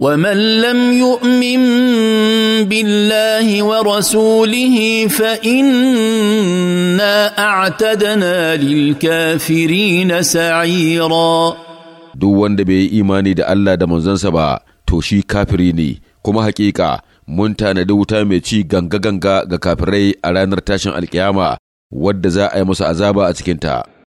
ومن لم يؤمن بالله ورسوله فإنا أعتدنا للكافرين سعيرا duk wanda bai yi imani da Allah da manzansa ba to shi kafiri ne kuma haƙiƙa mun tanadi wuta mai ci ganga-ganga ga kafirai a ranar tashin alkiyama wadda za a yi musu azaba a cikinta.